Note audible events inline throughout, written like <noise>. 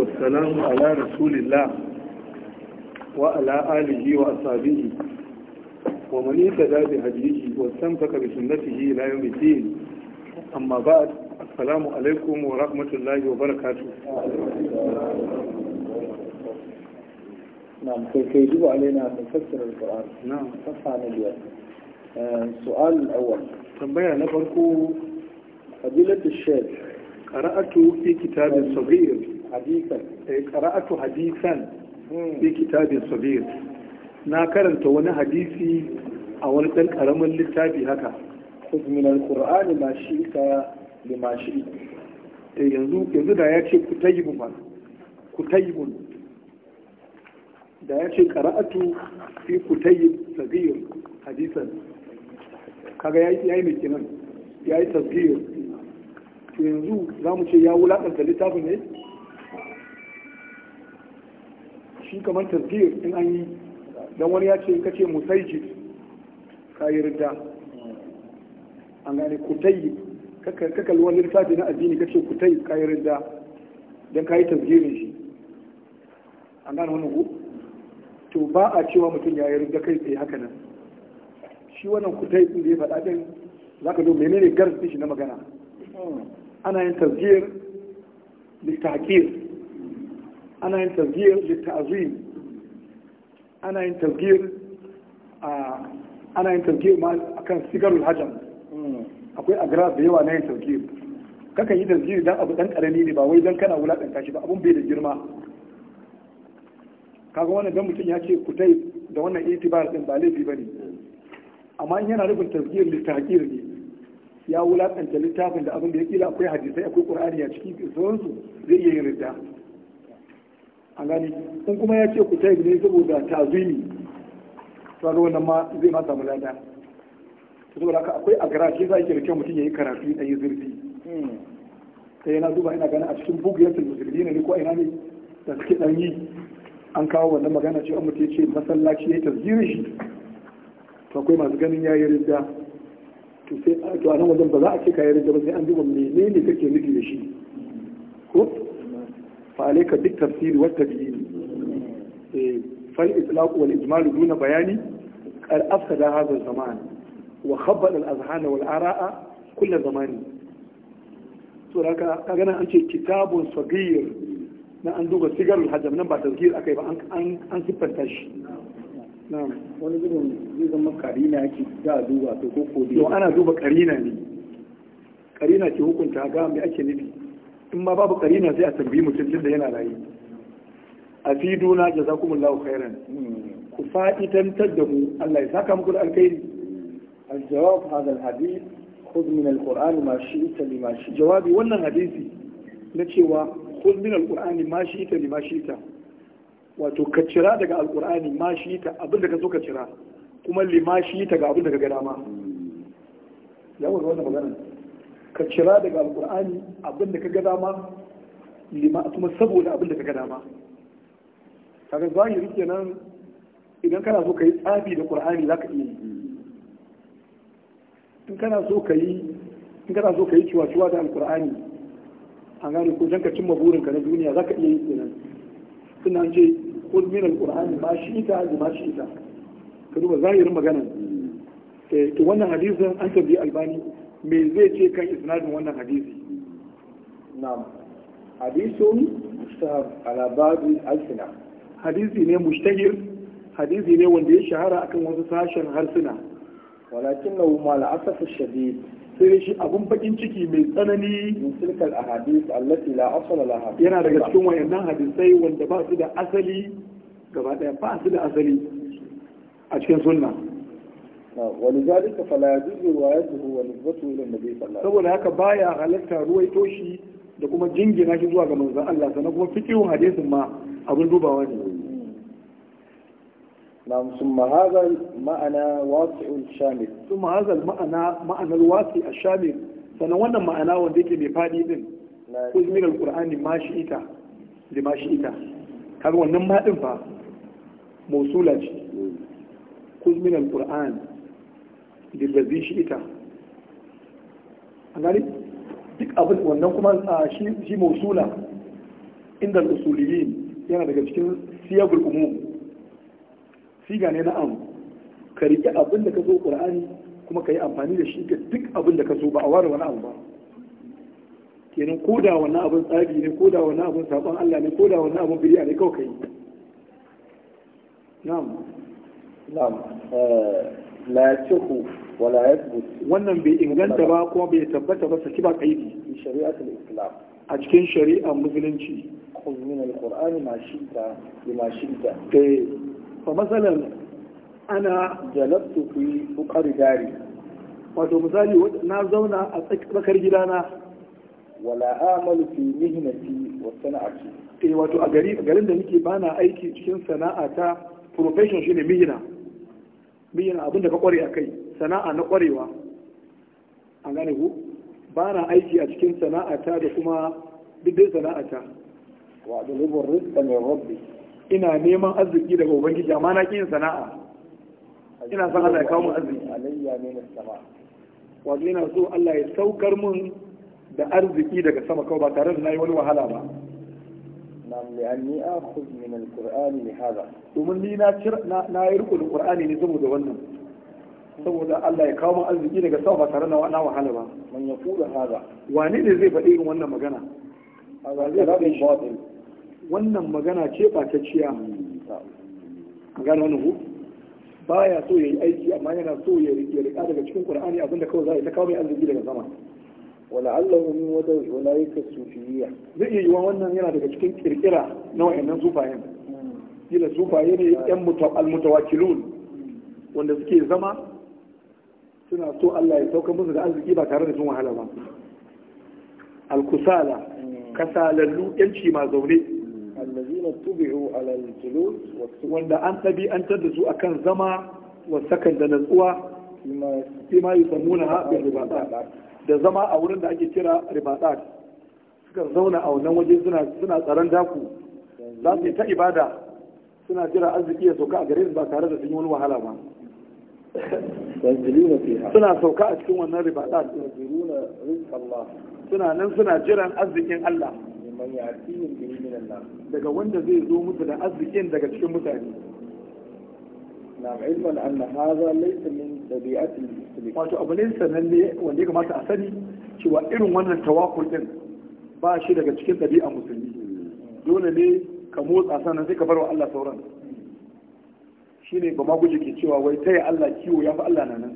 والسلام على رسول الله وعلى آله وأصحابه ومن اهتدى بهديه واستمسك بسنته إلى يوم الدين أما بعد السلام عليكم ورحمة الله وبركاته نعم كيف يجب علينا أن نفسر القرآن نعم صفحة اليوم السؤال آه، الأول تنبيه نبركو فضيلة الشيخ قرأت في كتاب آه، صغير hadisan eh qara'atu hadisan fi kitabin sabir na karanta wani hadisi a wani ɗan ƙaramin littafi haka khudh min alqur'ani ma shi'ta lima shi'i eh yanzu yanzu da ya ce kutaybun ma kutaybun da ya ce qara'atu fi kutayb sabir hadisan kaga yayi mai kenan yayi tasbir to yanzu za mu ce ya wulakanta littafin ne shi kamar tasgir in an yi don wani ya ce kace musaiji ka yi an gane kutai ka kalli wani littafi na addini kace kutai ka yi ridda don ka yi tasgirin shi an gane wani ku to ba a cewa mutum ya yi ridda kai tsaye haka nan shi wannan kutai din da ya faɗa din za ka zo menene garsin shi na magana ana yin tasgir littafir ana yin tasgiyar littazim ana yin tasgiyar ana yin tasgiyar ma kan sigarul hajam akwai agrar da yawa na yin tasgiyar kakan yi tasgiyar don abu dan karami ne ba wai don kana wulaɗanta shi ba abun bai da girma kaga wannan dan mutum ya ce ku tai da wannan itibar din ba laifi ne. amma in yana nufin tasgiyar littafin ne ya wulaɗanta littafin da abin da ya kila akwai hadisai akwai qur'ani a ciki sauransu zai iya yin ridda a gani in kuma ya ce ku ta ne saboda ta to ga wannan ma zai ma samu lada saboda haka akwai a gara ce za a da kyau mutum ya yi karatu a yi zurfi sai yana duba ina ganin a cikin bugiyatul musulmi ne ko ina ne da suke dan yi an kawo wannan magana ce an mutum ya ce masallaci ya tasgirin shi to akwai masu ganin ya yi ridda to sai a nan wajen ba za a ce ka yi ridda ba sai an duba menene kake nufi da shi ko فعليك بالتفسير والتبيين فالإطلاق والإجمال دون بيان قد أفسد هذا الزمان وخبل الأذهان والآراء كل زمان سورة كان كتاب صغير na an duba sigar hajjam nan ba tazkir akai ba an siffanta shi wani zubin zai zama karina ake za a duba to ko ko ana duba karina ne karina ke hukunta ga mai ake nufi in ma babu karina sai a tarbi mutum tun da yana rayu a fi duna jazakumullahu khairan ku fa'idantar da mu Allah ya saka muku da alkhairi الجواب هذا الحديث خذ من القرآن ما شئت لما شئت Jawabi wannan hadisi na cewa khudh min alqur'ani ma shi'ta lima shi'ta wato ka cira daga al alqur'ani ma shi'ta abinda ka so ka cira kuma lima shi'ta ga abinda ka ga dama yawo wannan magana ka cira daga alkur'ani abinda ka ga dama lima kuma saboda abinda ka ga dama kaga zahiri kenan idan kana so ka yi tsabi da qur'ani zaka iya yi in kana so ka yi in kana so ciwa-ciwa da alkur'ani an gane ko don ka cimma burinka na duniya zaka iya yi kenan suna ce kun min alkur'ani ma shi ita da ma shi ita ka duba zahirin maganan eh, to wannan hadisin an tabbi albani me zai ce kan isnadin wannan hadisi na'am hadisun mustahab ala babi alsina hadisi ne mushtahir hadisi ne wanda ya shahara akan wasu sashen harsuna walakin na umar al'asaf shadid sai shi abun bakin ciki mai tsanani min tilkal ahadith allati la asala yana daga cikin wayannan hadisai wanda ba su da asali gaba daya ba su da asali a cikin sunna ولذلك فلا يجوز روايته ونسبته الى النبي صلى الله عليه وسلم هكا بايا baya halatta ruwaito shi da kuma jingina shi zuwa ga manzon Allah sannan kuma fikihun hadisin ma abin dubawa ne نعم ثم هذا المعنى واسع الشامل ثم ma'ana المعنى wasi' الواسع shamil sannan wannan ma'ana wanda yake mai fadi din kuzmin alqur'ani ma shi ita da ma shi ita kaga wannan ma din fa mausula ce hmm. kuzmin alqur'ani lillazi shi ita A duk abin wannan kuma shi mausula inda usuliyin yana daga cikin siyagul umum siga ne na am ka riƙe abin da ka zo ƙur'ani kuma ka yi amfani da shi ga duk abin da ka zo ba a ware wani abu ba kenan ko da wannan abin tsari ne ko da wannan abin saban Allah ne ko da wannan abin biriya ne kawai kai na'am na'am eh, la cikin wala yathbut wannan bai inganta ba kuma bai tabbata ba saki ba kaidi fi shari'atul islam a cikin shari'ar musulunci khudh min alqur'ani ma shi'ta lima shi'ta eh fa masalan ana jalabtu fi fuqari dari wato misali na zauna a tsakar gidana wala amalu fi mihnati wa sana'ati eh wato a gari garin da nake bana aiki cikin sana'ata profession shine mihna mihna abinda ka kware a kai sana'a na ƙwarewa A gane ku ba na aiki a cikin sana'ata da kuma duk dai sana'ata wa dalibin rizqa mai rabbi ina neman arziki daga ubangiji amma na kiyin sana'a ina son Allah ya kawo mu arziki alayya ne na sama wato ina so Allah ya saukar mun da arziki daga sama kawai ba tare da nayi wani wahala ba nam li anni akhudh min al-qur'ani li to domin ni na na yi rukun da qur'ani ne saboda wannan saboda Allah ya kawo arziki daga sama ba tare da na wahala ba man ya fuda haza wane ne zai faɗi irin wannan magana wannan magana ce ɓatacciya a gane wani hu baya so ya yi aiki amma yana so ya riƙa daga cikin qur'ani abinda kawai za a ta kawo mai arziki daga sama wala Allah min wada ulaika sufiyya zai iya yiwa wannan yana daga cikin kirkira na wayannan sufayen hmm. kila sufaye ne yan hmm. mutawakilun wanda suke zama suna so Allah ya sauka musu da arziki ba tare da sun wahala ba alkusala kasalallu yanci ma zaune allazina tubi'u ala al-julus wanda an tabi an tada su akan zama wa sakan da natsuwa bima yusammuna ha bi da zama a wurin da ake kira ribadat suka zauna a wannan waje suna suna tsaron daku za su yi ta ibada suna jira arziki ya sauka a gare su ba tare da sun yi wani wahala ba suna sauka a cikin wannan ribaɗa suna nan suna jiran arzikin Allah daga wanda zai zo musu da arzikin daga cikin mutane na ilman anna hadha laysa min dabi'atil muslim wato abu ne sananne wanda ya kamata a sani cewa irin wannan tawakkul din ba shi daga cikin ɗabi'an musulmi hmm. dole ne ka motsa sannan sai ka bar wa Allah sauran shine ba ma guje ke cewa wai taya Allah kiwo ya fi Allah na nan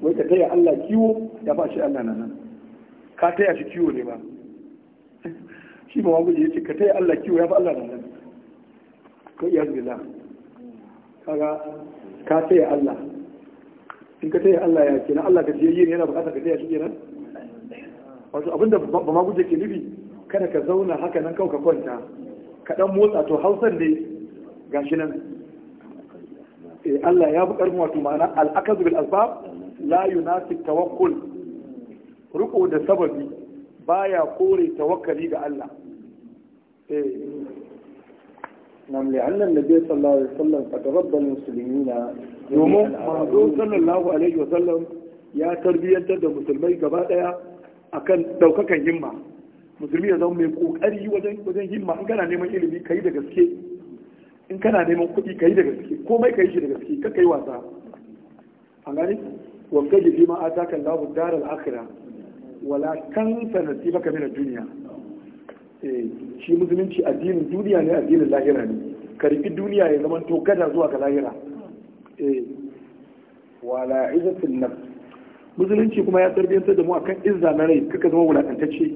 wai ka taya Allah kiwo ya fi shi Allah na nan ka taya shi kiwo ne ba <laughs> shi ba ma guje ya ce ka taya Allah kiwo ya fi Allah na nan ko iya zila kaga ka taya Allah in ka taya Allah ya na Allah ka yi ne yana bukatar ka taya shi kenan wato abinda ba ma guje ke nufi kada ka zauna haka nan kawai ka kwanta ka dan motsa to hausan ne gashi nan eh, Allah ya fi mu wato ma'ana al'akazu bil asbab la yunasib tawakkul riko da sababi baya kore tawakkali ga Allah eh. nam li anna nabiy sallallahu alaihi wasallam qad rabba muslimina domin manzo sallallahu alaihi wasallam ya tarbiyyantar da musulmai gaba daya akan daukakan himma musulmi ya zama mai kokari wajen wajen himma in kana neman ilimi kai da gaske in kana neman kuɗi ka yi da gaske komai ka yi shi da gaske ka kai wasa an gani wanka ji ma a takan labu darar akira wala kan sanarci maka mina duniya eh, shi musulunci addinin duniya ne addinin lahira ne ka riƙi duniya ya zama to gada zuwa ga lahira eh. wala izzatin na musulunci kuma ya tarbiyyantar da mu akan izza na rai kaka zama wulakantacce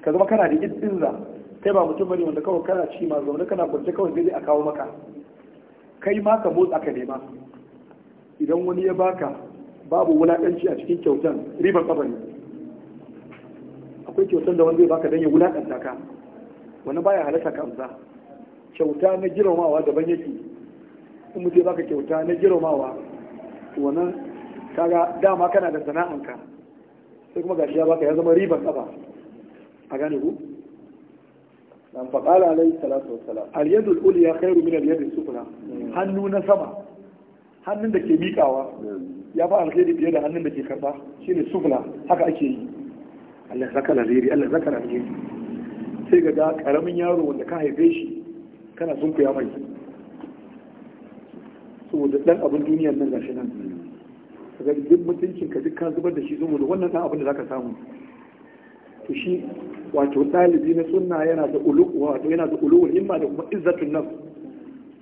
ka zama kana da izza kai ba mutum bane wanda kawai kana ci ma zaune kana kwance kawai zai a kawo maka kai ma ka motsa ka nema idan wani ya baka babu wulakanci a cikin kyautan ribar ƙafa ne akwai kyautan da wani zai baka don ya wulakanta ka wani baya halatta ka amsa kyauta na girmamawa daban yake in mutum ya baka kyauta na girmamawa wannan kaga dama kana da sana'anka sai kuma gashi ya baka ya zama ribar ƙafa a gane ku dan faqala alayhi salatu wassalam al yadul ulya khairu min al yadi sufla hannu na sama hannun da ke miƙawa ya fa alkhairi fiye da hannun da ke karba shine sufla haka ake yi Allah zakar alheri Allah zakar alheri sai ga da karamin yaro wanda ka haife shi kana sunkuya mai saboda dan abin duniyar nan gashi nan kaga duk mutuncin ka duk ka zubar da shi saboda wannan dan abin da zaka samu to shi wato ɗalibi na sunna yana da ulu wato yana da ulu himma da kuma izzatun nafs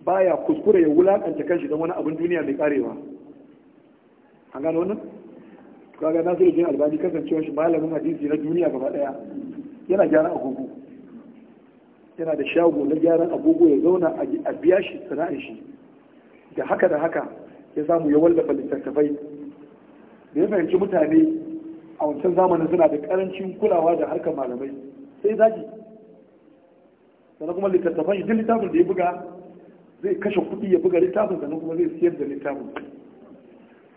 baya kuskure ya wulakanta kanshi don wani abin duniya mai karewa an gano wannan kaga nasiru bin albani kasancewa shi malamin hadisi na duniya gaba daya yana gyara agogo yana da shago na gyaran agogo ya zauna a biya shi sana'ar shi da haka da haka ya samu ya wallafa littattafai da ya fahimci mutane a wancan zamanin suna da karancin kulawa da harkar malamai sai zaki sannan kuma littattafan shi duk littafin da ya buga zai kashe kuɗi ya buga littafin sannan kuma zai siyar da littafin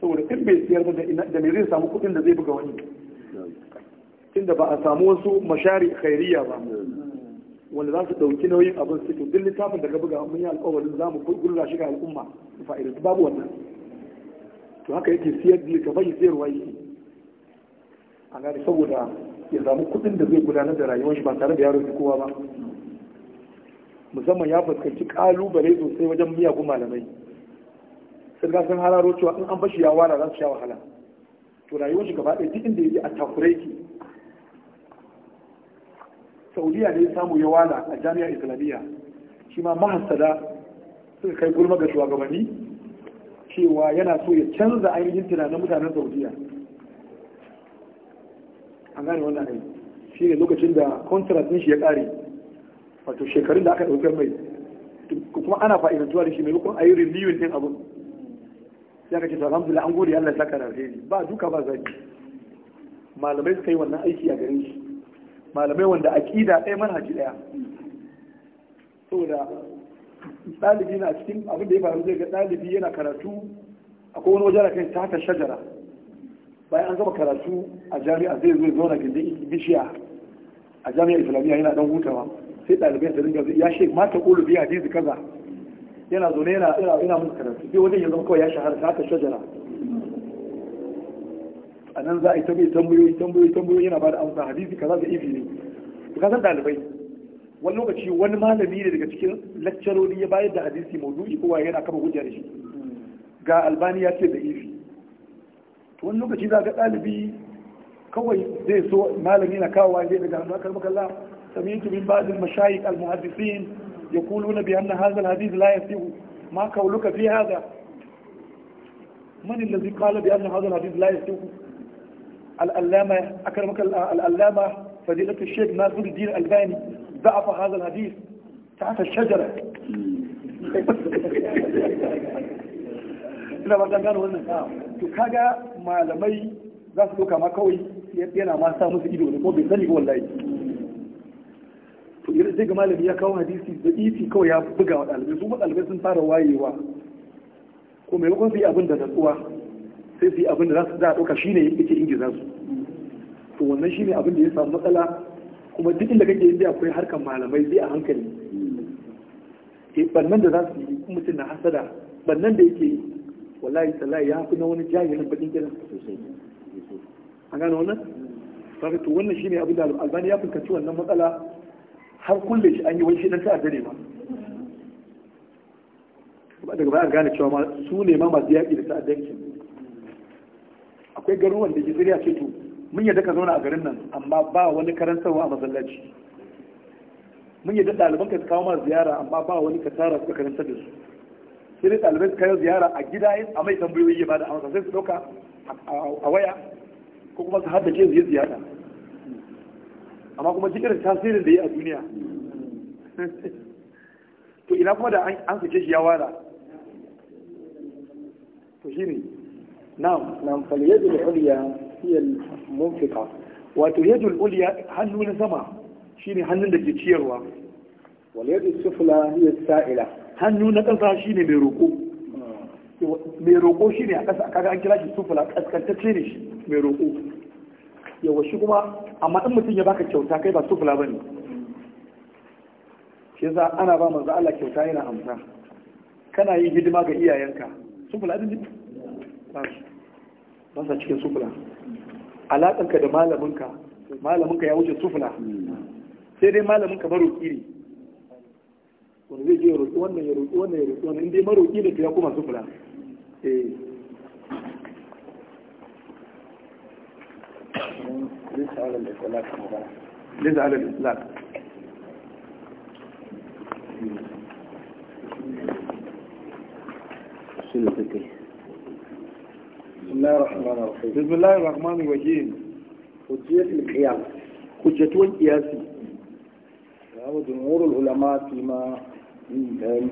saboda in bai siyar ba da me zai samu kuɗin da zai buga wani inda ba a samu wasu mashari khairiya ba wanda za su ɗauki nauyin abin su to duk littafin da ka buga mun yi alƙawarin za mu gurra shi ga al'umma fa'idatu babu wannan to haka yake siyar da littafin siyarwa yake a gane saboda ya samu kuɗin da zai gudanar da rayuwar shi ba tare da yaro kowa ba musamman ya fuskanci kalubale sosai wajen miyagun malamai sun gasar hararo cewa in an bashi ya wala za su sha wahala to rayuwar shi gaba ɗaya duk inda yake a takurai ki saudiya ne ya samu ya wala a jami'ar islamiyya shi ma mahassada suka kai gulma ga shugabanni cewa yana so ya canza ainihin tunanin mutanen saudiya an gane wannan ne shi ne lokacin da contract din shi ya kare wato shekarun da aka ɗaukar mai kuma ana fa'idantuwa da shi mai a yi liyun din abin ya kace ce to alhamdulillah an gode Allah saka ni ba duka ba zaki malamai suka yi wannan aiki a garin shi malamai wanda aqida ɗaya manhaji ɗaya saboda ɗalibi na cikin abin da ya faru zai ga ɗalibi yana karatu akwai wani wajen kan ta shajara bayan an gama karatu a jami'a zai zo na gindin bishiya a jami'a islamiyya yana dan hutawa sai ɗalibai da dinga ya ce mata ƙulu biya hadisi kaza yana zaune yana yana mun karatu sai wajen ya zama kawai ya shahara ta haka shajara a nan za a yi tambayi tambayoyi tambayoyi tambayoyi yana ba da amsa hadisi kaza da ifi ne ka san ɗalibai wani lokaci wani malami ne daga cikin lakcarori ya bayar da hadisi maudu'i kowa yana kama hujja da shi ga albani ya ce da ifi to wani lokaci za ka ɗalibi kawai zai so malami na kawo zai daga hannu akar makalla sami'tu min ba'dil mashayikh al-muhaddisin yaquluna bi anna hadha al-hadith la yasihu ma qawluka fi hadha man alladhi qala bi anna hadha al-hadith la yasihu al-allama akramaka al-allama فضيلة الشيخ ناصر الدين الألباني ضعف هذا الحديث تحت الشجرة إذا ما كان قالوا to kaga malamai za su doka ma kawai yana ma sa musu ido ne ko bai sani wallahi to irin ga malami ya kawo hadisi da iti kawai ya buga wa ɗalibai su ɗalibai sun fara wayewa ko mai su yi abin da natsuwa sai su yi abin da za su da ɗauka shine yake ingiza su to wannan shine abin da ya samu matsala kuma duk inda kake inda akwai harkar malamai zai a hankali ke eh, bannan da za su yi mutum na hasada bannan da yake wallahi tallahi ya fi na wani jahilin bakin kiran an gane wannan kaga to wannan shine abin da albani ya fuskanci wannan matsala har kulle shi an yi wani shi ta ta'adda ne ma daga baya gane cewa ma su ne ma masu yaƙi da ta'addanci akwai garuruwan da Isra'ila ce to mun yadda ka zauna a garin nan amma ba wani karantarwa a masallaci mun yadda ɗaliban ka kawo ma ziyara amma ba wani ka tara suka karantar da su sai dai ɗalibai su kayan ziyara a gida yin a mai tambayoyi ya bada amsa sai su ɗauka a waya ko kuma su hada ke ziyar ziyara amma kuma jikin tasirin da ya a duniya <laughs> to ina kuma da an sake shi ya wara to shi ne na'am na'am fal yadul ulya hiya al munfiqa wato yadul uliya hannu na sama shine hannun da ke ciyarwa wal yadda sufula hiya sa'ila hannu na ƙasa ne mai roƙo mai roƙo shi ne a ƙasa kaga an kira shi sufula kaskantacce ne shi mai roƙo yawa shi kuma amma in mutum ya baka kyauta kai ba sufula ba ne shi za ana ba manzo Allah kyauta yana amsa kana yin hidima ga iyayenka sufula din ba sa cikin sufula alaƙanka da malaminka malaminka ya wuce sufula sai dai malaminka roƙi ne wani zai jiya roƙi wannan ya roƙi wannan ya roƙi wannan inda ya بسم الله الرحمن الرحيم بسم الله الرحمن الرحيم حجية القياس حجة القياس وجمهور العلماء فيما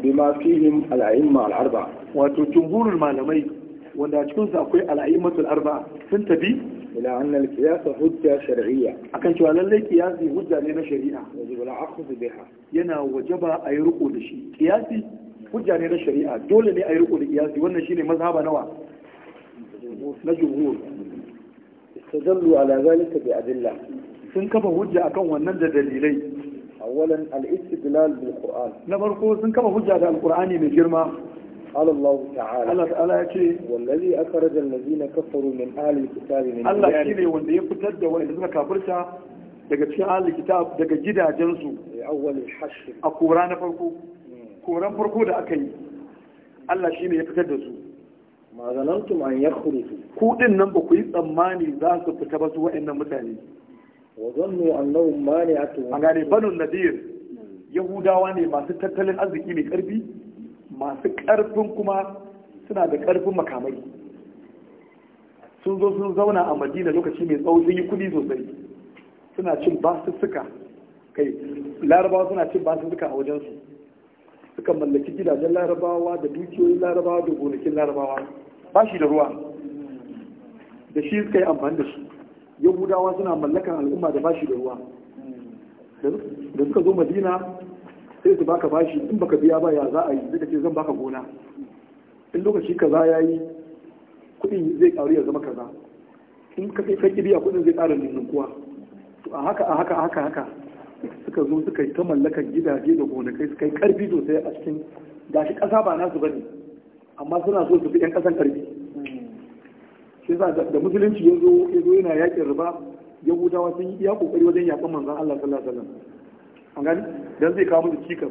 bima fihim al'aimma al'arba wato jumhurul malamai wanda a cikin sa akwai al'aimmatul arba sun tabi ila anna al-qiyas hujja shar'iyya akan cewa lalle qiyasi hujja ne na shari'a wajibu al-akhdh biha yana wajaba a yi riko da shi qiyasi hujja ne na shari'a dole ne a yi riko da qiyasi wannan shine mazhaba nawa na jumhur istadallu ala zalika bi adilla sun kafa hujja akan wannan da dalilai awalan al-istidlal na farko sun kafa hujja da alqur'ani mai girma قال الله تعالى الله تعالى يكي والذي أخرج الذين كفروا من آل الكتاب من daga cikin ahli kitab daga gidajensu a kora na farko koran farko da aka yi Allah shine ya fitar da su ma nan ba ku yi tsammani za su fita ba su mutane wa zannu annahum mani'atu an النذير banu nadir yahudawa ne masu tattalin arziki mai karfi masu karfin kuma suna da karfin makamai sun zo sun zauna a madina lokaci mai tsawo sun yi kudi sosai suna cin basussuka kai larabawa suna cin basussuka a wajensu suka mallaki gidajen larabawa da dukiyoyin larabawa da gonakin larabawa ba shi da ruwa da shi suka yi amfani da shi yahudawa suna mallakan al'umma da bashi da ruwa da suka zo madina sai su baka bashi in baka biya ba ya za a yi zai ce zan baka gona in lokaci kaza ya yi kudin zai karu ya zama kaza in ka kai kai biya kudin zai ƙara kuwa to a haka a haka a haka haka suka zo suka yi ta mallakan gidaje da gonakai suka yi karfi sosai a cikin gashi kasa ba nasu bane amma suna so su bi 'yan kasan karfi sai za da musulunci ya zo yana yakin riba yahudawa sun yi iya kokari wajen yakan manzan Allah sallallahu alaihi wasallam an gani dan zai kawo musu cikas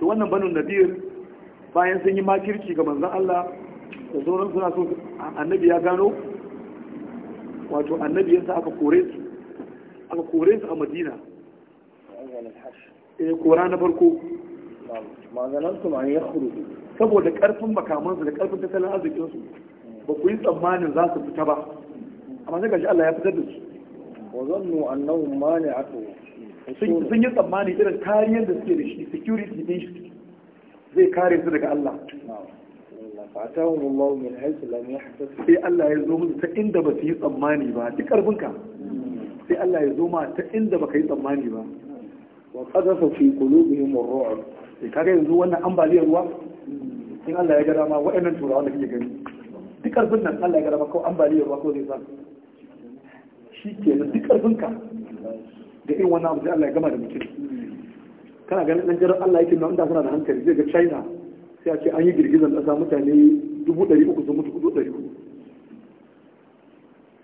to wannan banu nadir bayan sun yi makirci ga manzan Allah da sauran suna so annabi ya gano wato annabi yasa aka kore su aka kore su a Madina eh kora na farko ma zanantum an yakhruju saboda karfin makamansu da karfin tattalin arzikinsu ba ku yi tsammanin za su fita ba amma sai gashi Allah ya fitar da su wa zannu annahum mani'atu sun yi tsammani irin kariyar da suke da shi security din shi zai kare su daga Allah fatahum Allah min haythu lam yahtasib sai Allah ya zo musu ta inda ba su yi tsammani ba duk ka. sai Allah ya zo ma ta inda baka yi tsammani ba wa qadafa fi qulubihim ar-ru'b sai kaga yanzu wannan ambaliyar ruwa in Allah ya ga dama waɗannan turawa da kake gani karfin nan Allah ya gara ko ambaliyar ruwa ko zai san shi ke nan duk ka da irin wannan abu sai Allah ya gama da mutum kana ganin dan jarar Allah yake nan da suna da hankali zai ga China sai a ce an yi girgizar ƙasa mutane dubu ɗari uku sun mutu dubu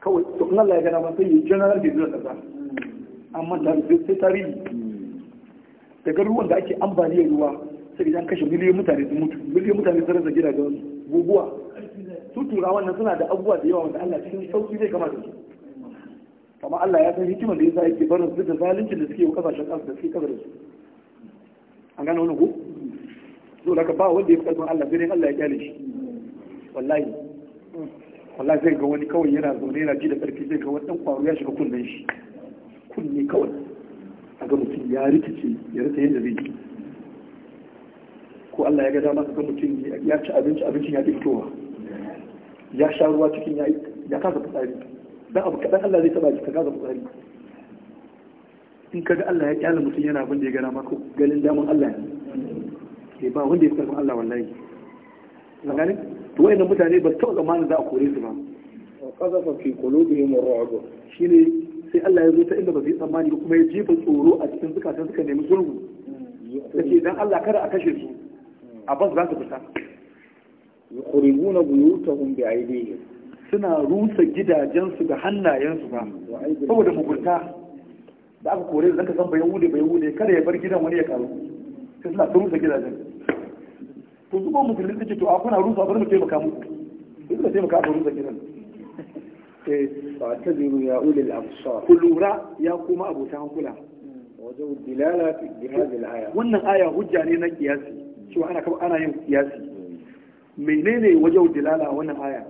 kawai to in Allah ya gara ma sai yi general girgizar ƙasa amma da sai tarihi daga ruwan da ake ambaliyar ruwa sai idan kashe miliyan mutane sun mutu miliyan mutane sun rasa gidajen guguwa su tura nan suna da abubuwa da yawa wanda Allah cikin sauki zai gama da su amma Allah ya san hikimar da yasa yake barin su da zalunci da suke yi kasashen kansu da suke kasar su an gane wani ko so daga ba wanda ya fi karfin Allah sai dai Allah ya kyale shi wallahi wallahi zai ga wani kawai yana zaune yana ji da karfi zai ga wani dan kwaro ya shiga kunnen shi kunne kawai a ga mutum ya rikice ya rasa yadda zai yi ko Allah ya ga dama ka mutum ya ci abinci abincin ya fitowa ya sha ruwa cikin ya ya kasa fitsari dan abu kadan Allah zai taba shi ka kasa fitsari in kaga Allah ya kyale mutum yana abin da ya gana maka ganin daman Allah ne eh, ba wanda ya fitar karfin Allah wallahi na gane to wayannan mutane ba ta zamanin za a kore su ba fa fi qulubihim ar-ru'b shine sai Allah ya zo ta inda ba zai tsammani ba kuma ya jefa tsoro a cikin zukatan suka nemi sulhu kace mm. dan Allah kada a kashe su a bas za su fita yuqribuna buyutahum bi aydihim suna rusa gidajensu da hannayensu ba saboda mugunta da aka kore zan san bayan wude bayan wude kada ya bar gidan wani ya karu sai suna rusa gidajen to zuwa gidan take to a kuna rusa bar mu taimaka mu duk da taimaka a rusa gidan eh, fa'tabiru ya ulil absar ku lura ya kuma abota hankula wajen dilala bi hadhihi al-aya wannan aya hujja ne na kiyasi cewa ana ana yin kiyasi menene wajen dilala wannan aya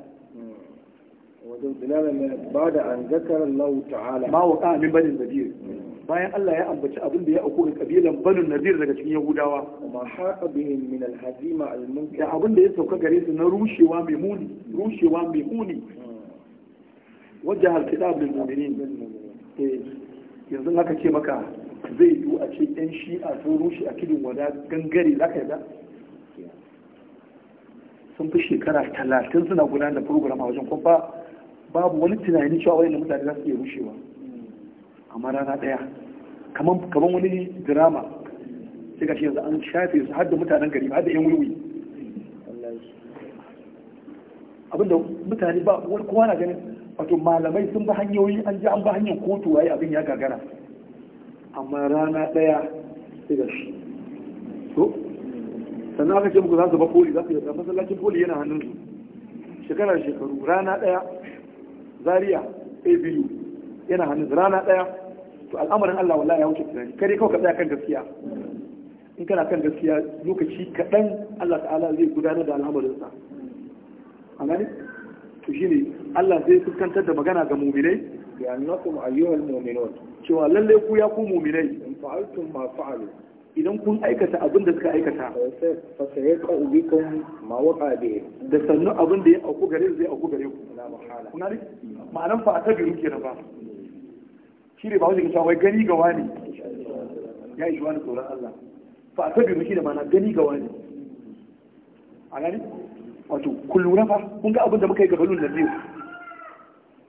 wajen dilala ne ba da an zakarar lau ta'ala ba wa ƙa'amin banin nadir bayan Allah ya ambaci abin da ya auku ga kabilan banin nadir daga cikin yahudawa ma haqa bihim min alhazima hazima da abin da ya sauka gare su na rushewa mai muni rushewa mai muni wajha al-kitab lil mu'minin eh, yanzu haka ce maka zai yiwu a ce yan shi'a sun rushe a kidin wada gangare zaka yarda sun fi shekara talatin suna gudanar da program a wajen kuma babu wani tunani cewa wani mutane za su iya rushewa amma rana ɗaya kamar wani drama sai ga shi yanzu an shafe su har da mutanen gari har da yan wuri abinda mutane ba wani kowa na ganin wato malamai sun ba hanyoyi an ji an ba hanyar kotu waye abin ya gagara amma rana ɗaya sannan aka ce muku za su ba koli za su yi masallacin koli yana hannun su shekara shekaru rana daya zaria biyu yana hannun su rana daya to al'amarin allah wallahi ya wuce tunani kare kawai ka tsaya kan gaskiya in kana kan gaskiya lokaci kaɗan allah ta'ala zai gudanar da al'amarinsa a gani to ne allah zai fuskantar da magana ga muminai nuna kuma ayyuhal mu'minun cewa lalle ku ya ku muminai in fa'altum ma fa'alu idan kun aikata abin da suka aikata fasa ya ƙa'ubi kan ma waka da da sannu abin da ya auku gare zai auku gare ku kuna ne ma'anan fa a ta biyu kenan ba shi ne ba wajen cewa wai gani ga wani ya yi wani tsoron Allah fa a ta biyu shi da ma'ana gani ga wani a gani wato kun lura fa kun ga abin da muka yi ga da lalle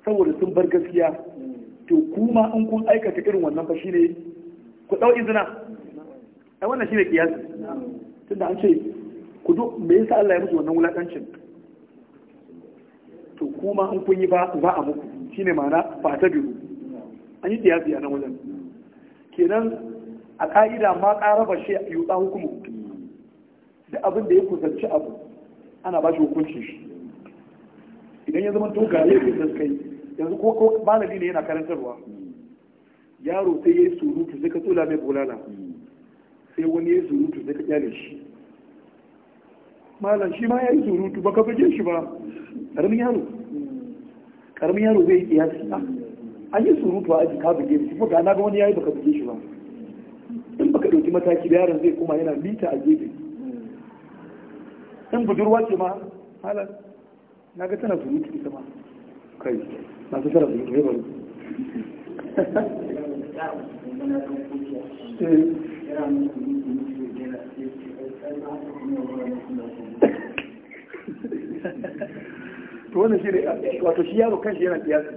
saboda sun bar gaskiya to kuma in kun aikata irin wannan fa shine ku dau izina a wannan shi ne kiyasi tunda an ce ku duk me yasa Allah ya musu wannan wulakancin to kuma an kun yi ba za a muku shine ma'ana ba ta biyu an yi kiyasi a nan wajen kenan a ka'ida ma ƙaraba shi yutsa hukumu duk abin da ya kusanci abu ana ba shi hukuncin shi idan ya zama doga laifin da suka kai yanzu ko ko malami ne yana karantarwa yaro sai ya yi surutu sai ka tsola mai bulala sai wani ya surutu sai ka kyale shi malam shi ma ya yi surutu ba ka fage shi ba karamin yaro karamin yaro zai yi kiyasi ba ah, an yi surutu a aji ka fage shi ko ga wani ga wani ba baka fage shi ba in baka dauki mataki da yaron zai kuma yana mita a gefe in budurwa ce ma malam na ga tana surutu ita ma kai masu tara surutu ya bari <laughs> eh. to wannan shi ne wato shi yaro kanshi yana kiyasi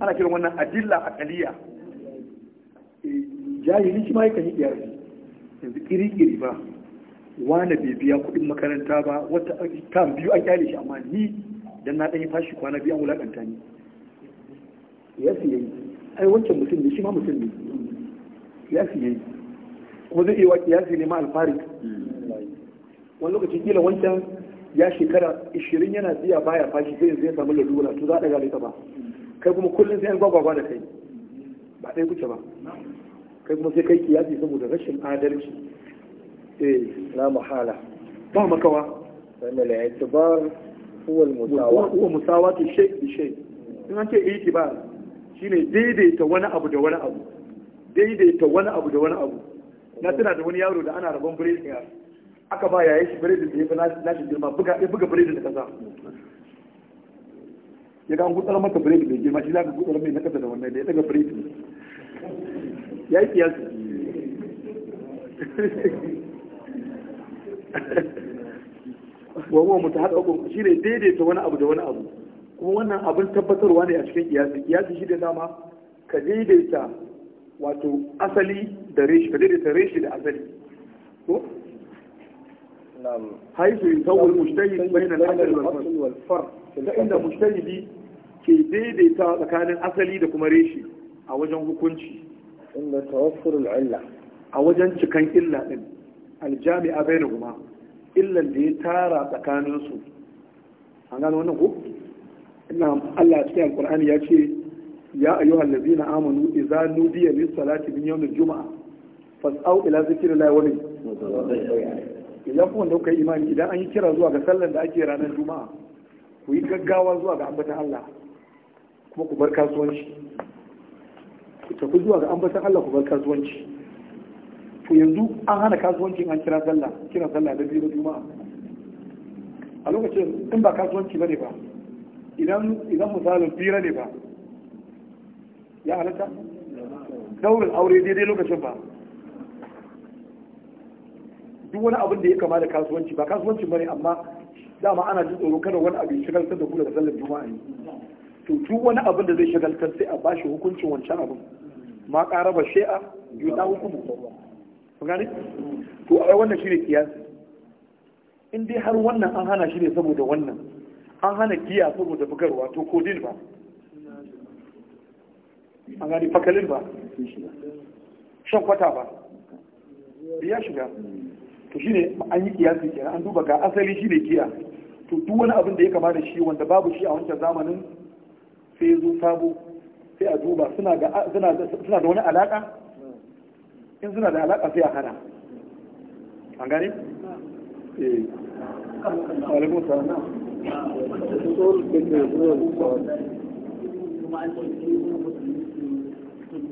ana kiran wannan adilla kaliya jahili shi ma yakan yi kiyasi yanzu kiri-kiri ba wane bai biya kuɗin makaranta ba wata kan biyu an kyale shi amma ni dan na ɗanyi fashi kwana biyu an wulaƙanta ni ya fiye yi. ai wancan mutum ne shi ma mutum ne ya fiye yi. kuma zai iya waƙi ya ne ma alfarik wani lokaci kila wancan ya shekara 20 yana biya baya fashi sai zai samu lalura to za a daga ta ba kai kuma kullum sai an gwagwagwa da kai ba ɗaya kuce ba kai kuma sai kai kiyasi saboda rashin adalci eh na mahala ba makawa wanda la itibar huwa musawa huwa musawa to shay bi shay in an ce itibar shine daidaita wani abu da wani abu daidaita wani abu da wani abu na tuna da wani yaro da ana rabon biredin ya aka ba yayin shi biredin da ya fi nashi girma ya buga biredin da kasa ya ga an gutsar maka biredin da girma shi za ka gutsar mai na kasa da wannan da ya daga biredin ya yi kiyasi wawan mutu haɗa hukun shi ne daidaita wani abu da wani abu kuma wannan abin tabbatarwa ne a cikin kiyasi kiyasi shi da dama ka daidaita wato asali da reshi ka daidaita reshi da asali ko haisu yusawwal mujtahid bayna al-asl wal farq da inda bi ke daidaita tsakanin asali da kuma reshi a wajen hukunci inda tawaffur al-illa a wajen cikan illa din al-jami'a bainahuma illan da ya tara tsakanin su an gano wannan ko ina Allah cikin alqur'ani ya ce ya ayyuhal ladzina amanu idza nudiya lis salati min yawmil jumu'a fas'au ila zikrillahi wa min idan kuma da kuka yi imani idan an yi kira zuwa ga sallar da ake ranar juma'a ku yi gaggawa zuwa ga ambatan Allah kuma ku bar kasuwanci ku tafi zuwa ga ambatan Allah ku bar kasuwanci Ku yanzu an hana kasuwanci an kira sallah kira sallah da biyu juma'a a lokacin in ba kasuwanci bane ba idan idan misalin fira ne ba ya halatta daurin aure daidai lokacin ba duk wani abin da ya kama da kasuwanci ba kasuwanci bane amma dama ana ji tsoro kada wani abin shigar da kula da sallar juma'a ne to duk wani abin da zai shagaltar sai a bashi hukuncin wancan abin ma karaba shi'a yi ta hukumu ku gane to a wannan shine kiyasi in dai har wannan an hana shi ne saboda wannan an hana giya saboda bugarwa to ko din ba an gani fakalin ba shan kwata ba ya shiga to shine an yi kiyasi kenan an duba ga asali shine giya to duk wani abin da ya kama da shi wanda babu shi a wancan zamanin sai ya zo sabo sai a duba suna da wani alaka in suna da alaka sai a hana an gani. eh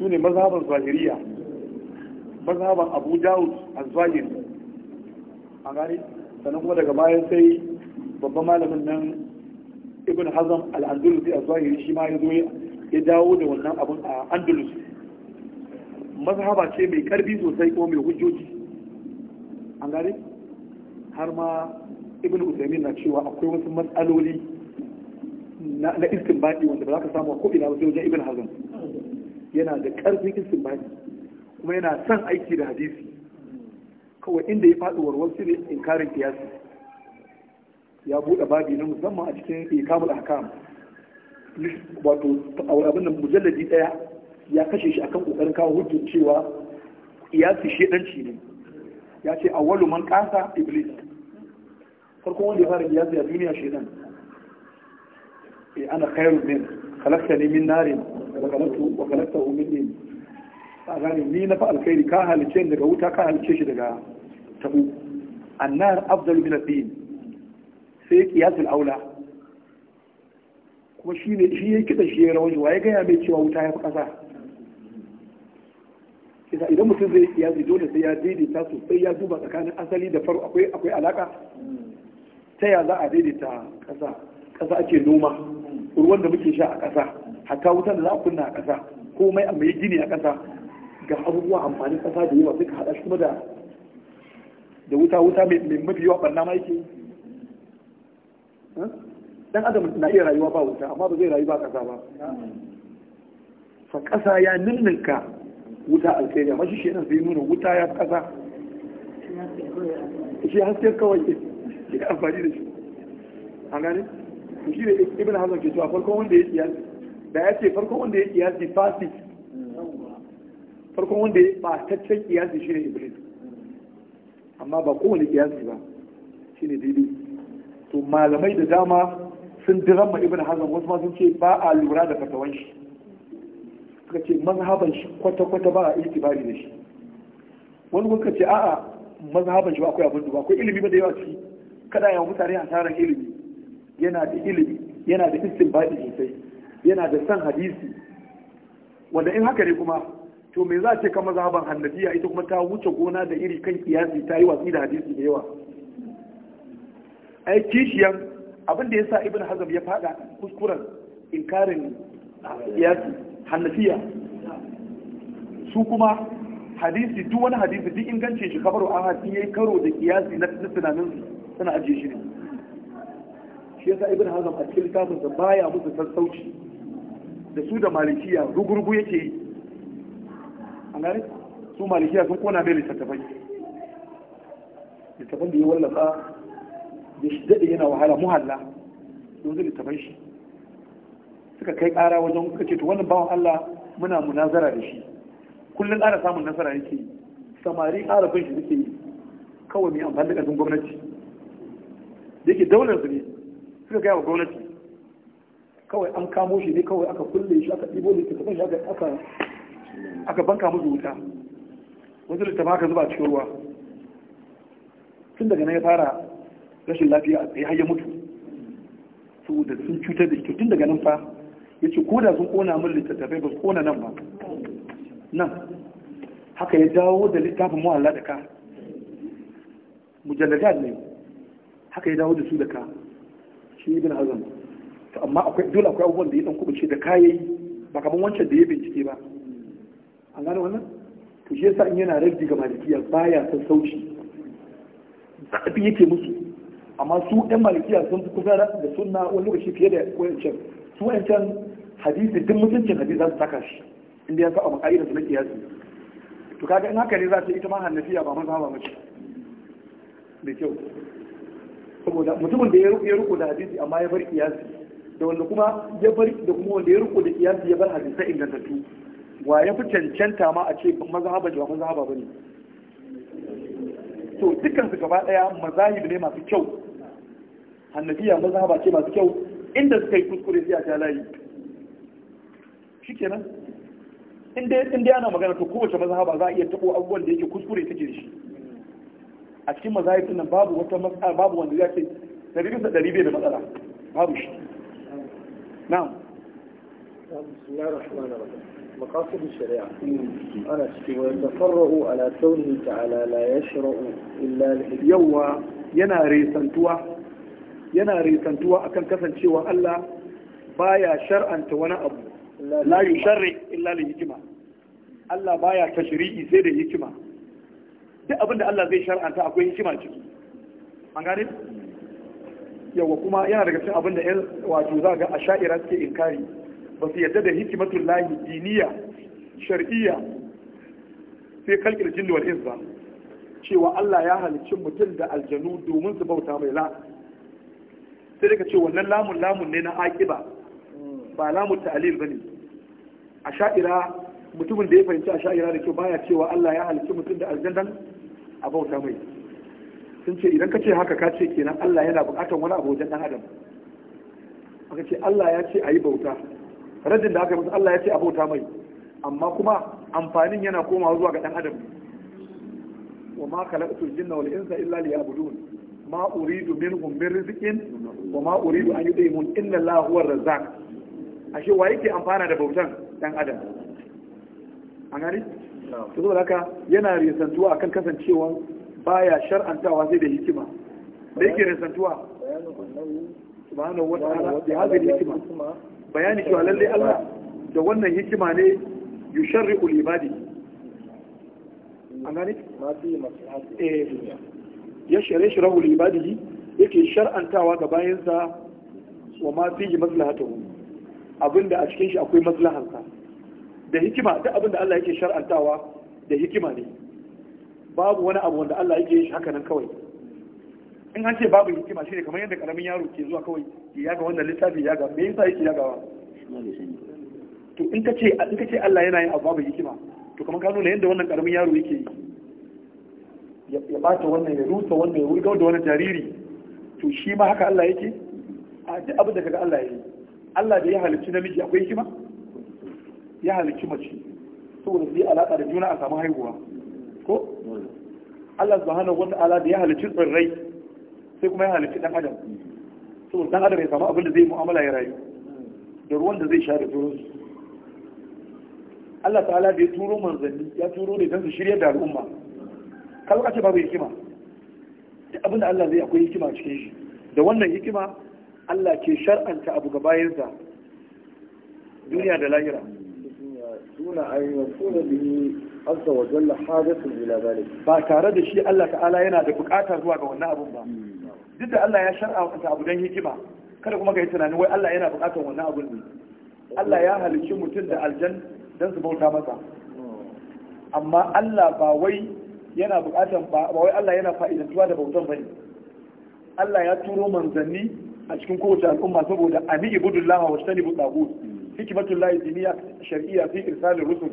su ne mazhaban zahiriya mazhaban abu dawud a zahir a gani sannan kuma daga bayan sai babban malamin nan ibn hazan al-andalusi a zahiri shi ma ya zo ya dawo da wannan abun a andalus mazhaba ce mai karfi sosai ko mai hujjoji an gane har ma ibn usaimin na cewa akwai wasu matsaloli na baki wanda ba za ka samu ko ina wasu wajen ibn hazan. yana da ƙarfin istinbadi kuma yana son aiki da hadisi kawai inda ya faɗi warwar su ne inkarin kiyasi ya buɗe babi na musamman a cikin ikamul hakam wato abin da mujalladi ɗaya ya kashe shi akan ƙoƙarin kawo hujjar cewa kiyasi shedanci ne ya ce a man ƙasa iblis farkon wanda ya fara kiyasi a duniya shedan eh ana khairun min khalaqtani min narin wa kalakta umin a gane ni na fa alkhairi ka halice daga wuta ka halice shi daga tabu annar afdal min ad-din sai qiyasul aula kuma shi ne shi yake kidan shi ya rawaji waye ga ya mai cewa wuta ya fi kasa kisa idan mutum zai kiyasi dole sai ya daidaita sosai ya duba tsakanin asali da faru akwai akwai alaka ta ya za a daidaita kasa kasa ake noma ruwan da muke sha a kasa hatta wutar da za a kunna a ƙasa mai a mai gini a ƙasa ga abubuwa amfanin ƙasa da yawa suka haɗa shi kuma da da wuta wuta mai mafi yawa ɓarna ma yake dan adam na iya rayuwa ba wuta amma ba zai rayu ba ƙasa ba fa ƙasa ya ninninka wuta alkhairi amma shi shi yana zai nuna wuta ya ƙasa shi hasken kawai ya amfani da shi an gane shi ne ibn hazan ke cewa farkon wanda ya kiyasi da ya ce farkon wanda ya kiyasi fasik farkon wanda ya bataccen kiyasi shi ne iblis amma ba kowane kiyasi ba shi ne daidai to malamai da dama sun diramma ibn hazan wasu ma sun ce ba a lura da fatawan shi suka ce mazhaban shi kwata-kwata ba a itibari da shi wani kuka ce a'a mazhaban shi ba akwai abin duba akwai ilimi ba da yawa ciki kada yawan mutane hasaran ilimi yana da ilimi yana da istinbadi sosai yana da san hadisi wanda in haka ne kuma to me za a ce kan mazhaban hannabiya ita kuma ta wuce gona da iri kan kiyasi ta yi watsi da hadisi da yawa ai kishiyan abin da yasa ibn hazm ya fada kuskuren inkarin kiyasi hannabiya su kuma hadisi duk wani hadisi duk ingancin shi kabaru ahad in yayi karo da kiyasi na tunanin suna ajiye shi ne shi yasa ibn hazm a cikin littafin sa baya musu sassauci da su da malikiya rugurgu yake yi an gane su malikiya sun kona mai littattafai littattafan da ya wallafa ya shi daɗe yana wahala muhalla don zai littattafai shi suka kai ƙara wajen kuka ce to wannan bawan Allah muna munazara da shi kullum ƙara samun nasara yake yi samari ƙara bin shi suke yi kawai mai amfani da ƙarfin gwamnati da yake daular su ne suka gaya wa gwamnati kawai an kamo shi ne kawai aka kulle shi aka ɗibo ne tattafan shi aka banka musu wuta wasu littafa aka zuba cikin ruwa tun daga nan ya fara rashin lafiya a tsaye har ya mutu saboda sun cutar da shi tun daga nan fa ya ce ko da sun kona min littattafai ba su kona nan ba nan haka ya dawo da littafin muhalla da ka mujalladat ne haka ya dawo da su da ka shi ibn hazm to amma akwai dole akwai abubuwan da ya dan kubuce da kayayi ba kaman wancan da ya bincike ba an gane wannan to shi yasa in yana raddi ga malikiya baya san sauci zaɓi yake musu amma su ɗan malikiya sun fi kusa da sunna wani lokaci fiye da wayancan su wayancan hadisi duk mutuncin hadisi za su saka shi inda ya saba ma ka'idar su na kiyasi to kaga in haka ne za ta ita ma hannafiya ba maza ba mace da kyau saboda mutumin da ya riko da hadisi amma ya bar kiyasi da wanda kuma ya bar da kuma wanda ya riko da kiyasi ya bar hadisai ingantattu wa ya fi cancanta ma a ce mazhaba ba mazhaba bane to dukkan su gaba daya mazahib ne masu kyau hannafiya mazhaba ce masu kyau inda suka yi kuskure sai a ta layi shikenan in dai ana magana to kowace mazhaba za a iya tabo abubuwan da yake kuskure take shi a cikin mazahibin nan babu wata matsala babu wanda ya ce dari bisa dari bai da matsala babu shi na'am مقاصد الشريعة أنا ويتفرغ على كونه تعالى لا يشرع إلا يوا yana resantuwa yana akan kasancewa Allah baya shar'anta wani abu la yusharri illa li hikima Allah baya tashri'i sai da hikima duk abin da Allah zai shar'anta akwai hikima ciki an gane yawa kuma yana daga cikin abin da yan wato za ga asha'ira suke inkari ba su yarda da hikimatul lahi diniya shar'iyya sai kalkil jinni wal insa ba cewa Allah ya halicci mutum da aljanu domin su bauta mai la sai daga ce wannan lamun lamun ne na aqiba ba lamun ta'lil bane a mutumin da ya fahimci a da kyau baya cewa Allah ya halicci mutum da aljanna a bauta mai sun ce idan ka ce haka ka ce kenan Allah yana bukatar wani abu wajen ɗan adam aka ce Allah ya ce a yi bauta rajin da aka musu Allah ya ce a bauta mai amma kuma amfanin yana komawa zuwa ga ɗan adam wa ma khalaqtul jinna wal insa illa liya'budun ma uridu minhum min rizqin wa ma uridu an yud'imun inna Allah huwa razzaq ashe wa yake amfana da bautan ɗan adam an gani to saboda haka yana risantuwa akan kasancewa baya shar'antawa sai da hikima da yake risantuwa subhanahu wa ta'ala bi hadhihi hikima bayani cewa lalle Allah da wannan hikima ne yusharri'u libadi an gane eh, ya shirye shirahu Ulibadi yake shar'antawa ga bayansa wa ma fihi maslahatuhu abinda a cikin shi akwai maslahansa da hikima duk abin da Allah yake shar'antawa da hikima ne babu wani abu wanda Allah yake shi haka nan kawai in an ce babu hikima shine kamar yadda karamin yaro ke zuwa kawai ya yaga wannan littafi ya me yasa yake ya to in ka ce in ka ce Allah yana yin abu babu hikima to kamar ka nuna yadda wannan karamin yaro yake yi ya bata wannan ya rusa wannan ya wurga da wani jariri to shi ma haka Allah yake a duk abin da kaga Allah yake Allah da ya halicci namiji akwai hikima ya halicci mace saboda su yi alaƙa da juna a samu haihuwa ko Allah subhanahu wa ta'ala da ya halicci tsirrai sai kuma ya halicci dan adam saboda dan adam ya samu abin da zai mu'amala ya rayu da ruwan da zai sha da sauransu Allah ta'ala da ya turo manzanni ya turo ne don su shirya da al'umma kalu ce babu hikima Da abin da Allah zai akwai hikima a cikin shi da wannan hikima Allah ke shar'anta abu ga bayansa duniya da lahira duna an ba tare da shi Allah ta'ala yana da buƙatar zuwa ga wannan abun ba duk da Allah ya shar'a ta abu dan hikima kada kuma ka yi tunanin wai Allah yana buƙatar wannan abun ne Allah ya halicci mutum da aljan dan su bauta masa amma Allah ba wai yana buƙatar fa'idantuwa da bautan bane Allah ya turo manzanni a cikin kowace al'umma saboda ani ibudullaha wa hikmatul lahi diniya shari'a fi irsalir rusul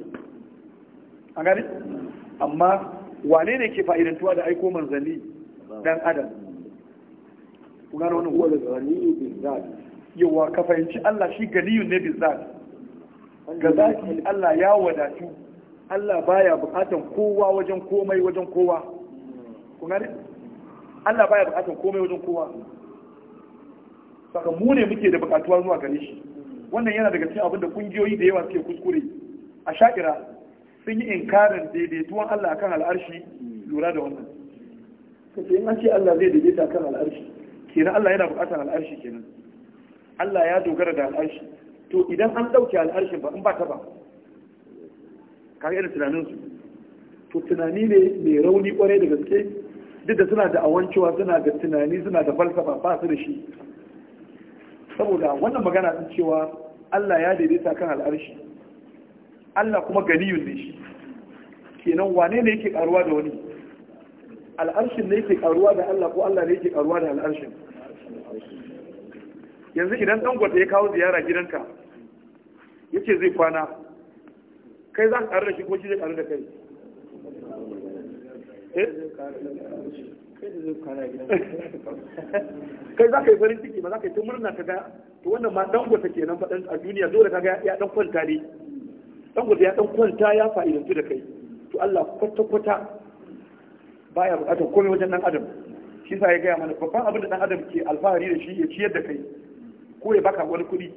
A gani amma wane ne ke fa'idantuwa da aiko manzanni dan adam kun gano wannan wala zani bizat yawa ka fahimci Allah shi ganiyun ne bizat ga zaki Allah ya wadatu Allah baya bukatan kowa wajen komai wajen kowa kun gane Allah baya bukatan komai wajen kowa saka mu ne muke da bukatuwa zuwa gare shi wannan yana daga cikin abin da kungiyoyi da yawa suke kuskure a sha'ira sun yi inkarin daidaituwan Allah akan al'arshi lura da wannan kace in an ce Allah zai daidaita akan al'arshi kenan Allah yana buƙatar al'arshi kenan Allah ya dogara da al'arshi to idan an dauke al'arshin ba in ba ta ba ka ga tunanin su to tunani ne mai rauni kwarai da gaske duk da suna da awancewa suna da tunani suna da falsafa ba su da shi saboda wannan magana sun cewa Allah ya daidaita kan al'arshi Allah kuma ganiyun ne shi kenan wane ne yake karuwa da wani al'arshin ne yake karuwa da Allah ko Allah ne yake karuwa da al'arshin yanzu idan dangote ya kawo ziyara gidanka yace zai kwana kai za ka karu da shi ko shi zai karu da kai eh? kai za ka yi farin ciki ba za ka yi ta murna ka ga to wannan ma dan ke kenan faɗin a duniya dole ka ga ya dan kwanta ne ya dan kwanta ya fa'idantu da kai to Allah kwata kwata baya bukatar komai wajen dan adam shi sa ya gaya mana babban abin da dan adam ke alfahari da shi ya ciyar da kai ko ya baka wani kuɗi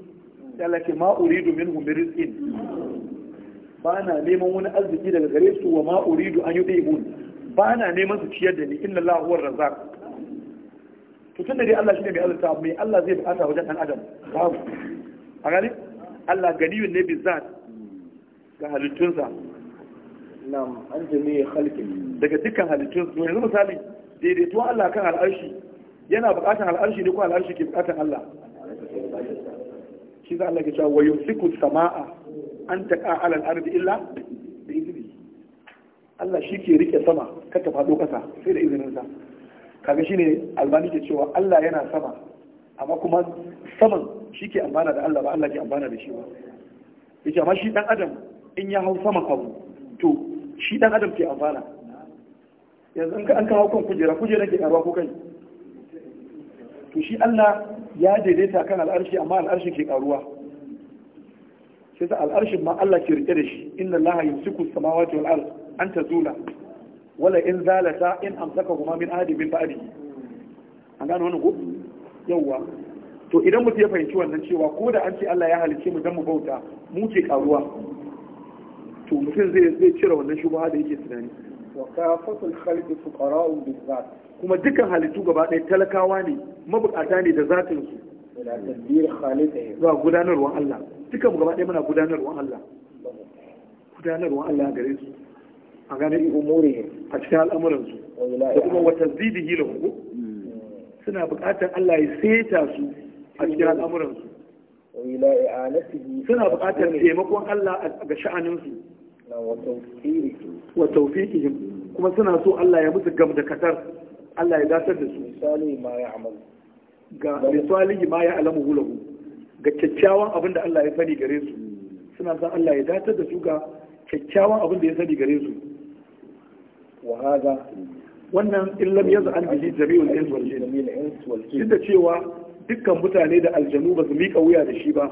ya lafi ce ma uridu ba na neman wani arziki daga gare su wa ma an yi yudimun ba na neman su ciyar da ni inna Allah huwa razzaq to tunda dai Allah ne mai azurta mai Allah zai bukata wajen ɗan adam babu a gani Allah ganiyun ne bizat ga halittunsa nam an jami khalqin daga dukkan halittun to yanzu misali daidaito Allah kan al'arshi yana bukatan al'arshi ne ko al'arshi ke bukatan Allah shi za Allah ke cewa wa yumsiku sama'a an taqa ala al-ardi illa Allah shi ke rike sama kar ta faɗo ƙasa sai da izinin izininsa kaga shine albani ke cewa Allah yana sama amma kuma saman shi ke amfana da Allah ba Allah ke amfana da shi ba yace amma shi dan adam in ya hau sama abu to shi dan adam ke amfana yanzu an ka an kawo kan kujera kujera ke karuwa ko kai to shi Allah ya daidaita kan al'arshi amma al'arshi ke karuwa sai sa al'arshin ma Allah ke rike da shi inna Allah yumsiku samawati wal ardh an ta zula wala in zalata in amsaka kuma min adi min ba'di an gano wannan ko yawa to idan mutum ya fahimci wannan cewa ko da an ce Allah ya halice mu dan mu bauta mu ce karuwa to mutum zai zai cire wannan shubha da yake tunani wa kafatul khalqi fuqara'u bizat kuma dukkan halittu gaba ɗaya talakawa ne mabukata ne da zatin su ga gudanarwa Allah dukkan gaba ɗaya muna gudanarwa Allah gudanarwa Allah gare su a gane umuri a cikin al'amuran su da kuma wata hila lahu suna buƙatar Allah ya seta su a cikin al'amuran su suna buƙatar taimakon Allah ga sha'anin su wa tawfiqihim kuma suna so Allah ya musu gam da katar Allah ya dasar da su misali ma ya amal ga misali ma ya ga kyakkyawan abin da Allah ya sani gare su suna son Allah ya datar da su ga kyakkyawan abin da ya sani gare su wa hada wannan illam yaz'al bihi jami'ul ins wal jinn inda cewa dukkan mutane da aljanu ba su mika wuya da shi ba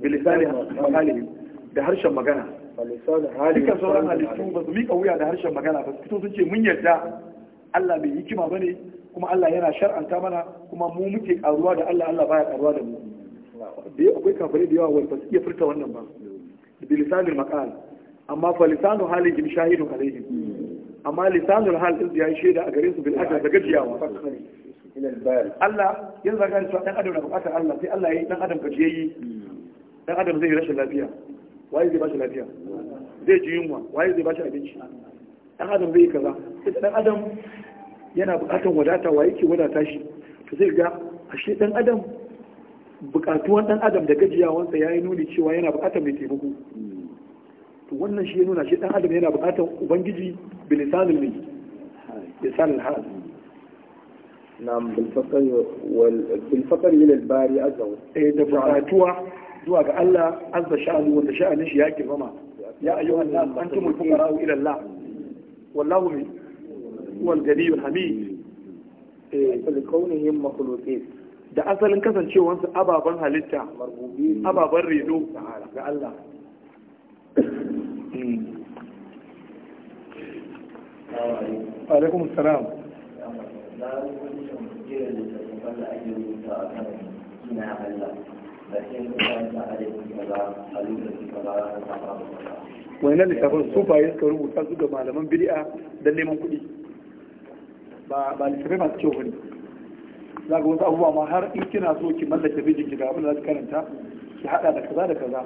bilisani halihim da harshen magana dukkan sauran halittu ba su mika wuya da harshen magana ba su fito sun ce mun yarda Allah mai hikima bane kuma Allah yana shar'anta mana kuma mu muke karuwa da Allah Allah baya karuwa da mu da akwai kafirai da yawa wanda ba su iya furta wannan ba bilisanin maqal amma fa lisanu halihim shahidun alaihim amma lisanul hal din ya shaida a gare su bil adal da gajiyawa Allah yanzu zaka ga dan adam na bukatar Allah sai Allah ya yi dan adam yi. dan adam zai rashin lafiya waye zai bashi lafiya zai ji yunwa waye zai bashi abinci dan adam zai kaza sai dan adam yana bukatar wadata waye ke wadata shi to zai ga ashe dan adam bukatuwan dan adam da gajiyawansa yayi nuni cewa yana bukatar mai taimako to wannan shi ya nuna shi dan adam yana bukatar ubangiji bilisanil ne bilisanil hal nam bilfaqar wal bilfaqar ila albari azza eh da bukatuwa zuwa ga Allah azza sha'anu wanda sha'anin shi ya kirmama ya ayyuhan nas antumul fuqara ila Allah wallahu min huwal ghaniyyul hamid eh fil kaunihim makhluqin da asalin kasancewansu ababen halitta ababen rido ga Allah alaikum salam wani littafin sufaye suka rubuta su ga malaman bid'a don neman kuɗi ba littafai masu kyau ne. za ga wasu abubuwa ma har in kina so ki mallake bijin ki ga abin da za ki karanta ki hada da kaza da kaza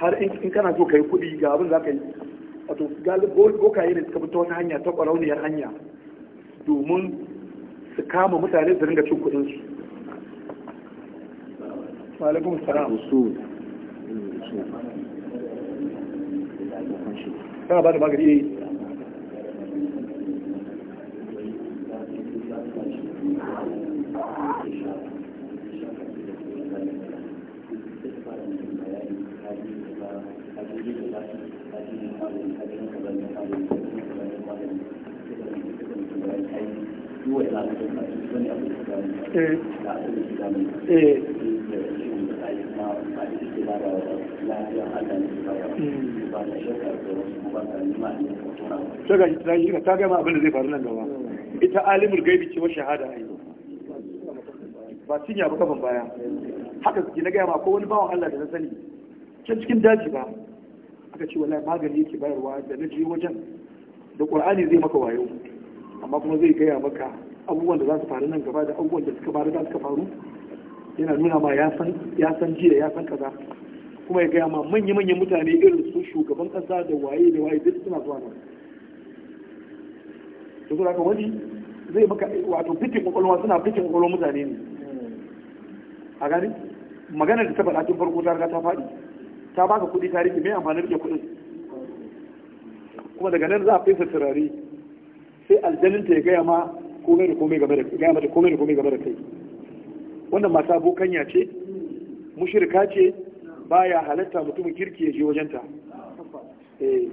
har in kana so ka yi kuɗi ga abin da za ka yi wato bokaye da suka fito wata hanya ta ƙwarauniyar hanya domin su kama mutane su ringa cin su ba da ta eh. eh. ta gama abin da zai faru nan gaba ita alimul gaibi ce wa shahada a ba cinya ba kafan baya haka suke na gaya ma ko wani bawa Allah da na sani can cikin daji ba aka ce wallahi magani yake bayarwa da na je wajen da ƙur'ani zai maka wayo amma kuma zai gaya maka abubuwan da za su faru nan gaba da abubuwan da suka faru da suka faru yana nuna ma ya san jiya ya san kaza kuma ya gaya ma manya-manyan mutane irin su shugaban kasa da waye da waye duk suna zuwa nan to su haka wani zai maka wato fitin kwakwalwa suna fitin kwakwalwa mutane ne a gani magana da ta faɗa tun farko ta riga ta faɗi ta baka kuɗi ta rike mai amfani da kuɗin kuma daga nan za a fesa turare sai ta ya gaya ma komai da komai game da kai ya mata komai da komai game da kai wannan mata ya ce mushrika ce baya halatta mutumin kirki ya je ta eh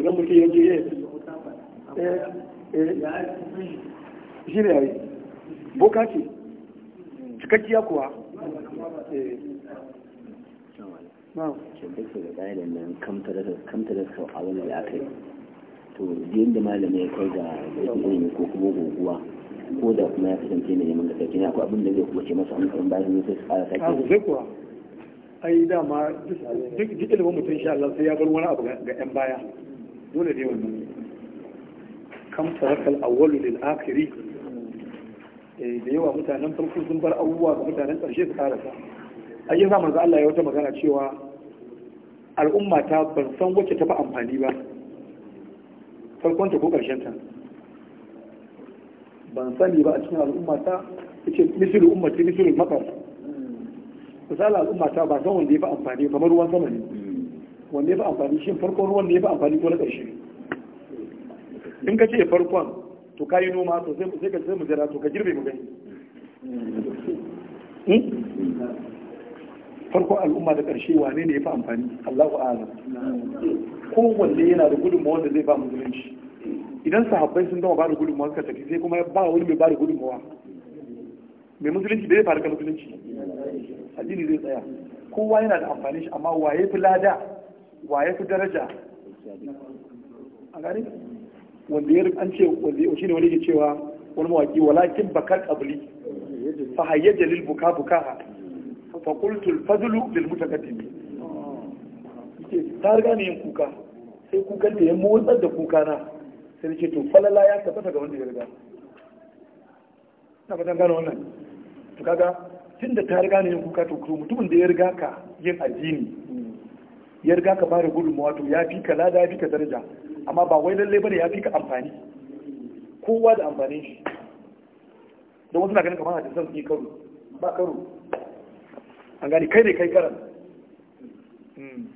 idan mutum ya je eh, eh, eh shi ne yayi boka ce cikakkiya kuwa eh kamta da kamta da sau a wani da aka yi to yadda malamai ya kai ga ilimi ko kuma guguwa ko da kuma ya kasance ne neman gasar kake akwai abin da zai kuma ce masa amfani bayan ya sai su kara sake zai kuwa ai dama duk ilimin mutum sha Allah sai ya bar wani abu ga yan baya dole ne wannan kam tarakal awwalu lil akhiri eh, da yawa mutanen farko sun bar abubuwa ga mutanen karshe su karasa ai yasa manzo Allah ya wata magana cewa al'umma ta ban san wacce ta fi amfani ba farkon ta ko karshen ta ban sani ba a cikin al'umma ta misiri misalu ummati misalu makar misali al'umma ta ba san wanda ya fi amfani kamar ruwan sama ne wanda ya fi amfani shi farkon ruwan da ya fi amfani ko na karshe in ka ce farkon to ka yi noma to sai ka sai mu jira to ka girbe mu gani hmm? farkon al'umma da karshe wane ne ya fi amfani Allahu a'lam kowanne yana da gudunmawa da zai ba musulunci idan sahabbai sun gama ba da gudunmawa suka tafi sai kuma ba wani mai ba da gudunmawa mai musulunci bai faru ka musulunci addini zai tsaya kowa yana da amfani shi amma waye fi lada waye fi daraja a gane wanda ya an ce wanda shine wani ke cewa wani mawaki walakin bakar qabli fa hayyaja lil buka bukaha fa qultu al fadlu lil ta riga ne yin kuka sai kukan da ya motsar da kukana sai ce to falala ya tabbata ga wanda ya riga na fatan gano wannan to kaga tun da ta riga ne yin kuka to mutumin da ya riga ka yin addini ya riga ka bada gudunmawa to ya fi ka lada ya fi ka daraja amma ba wai lallai bane ya fi ka amfani kowa da amfanin shi don wasu na ganin kamar hajji san yi karo ba karo an gani kai ne kai karan hmm.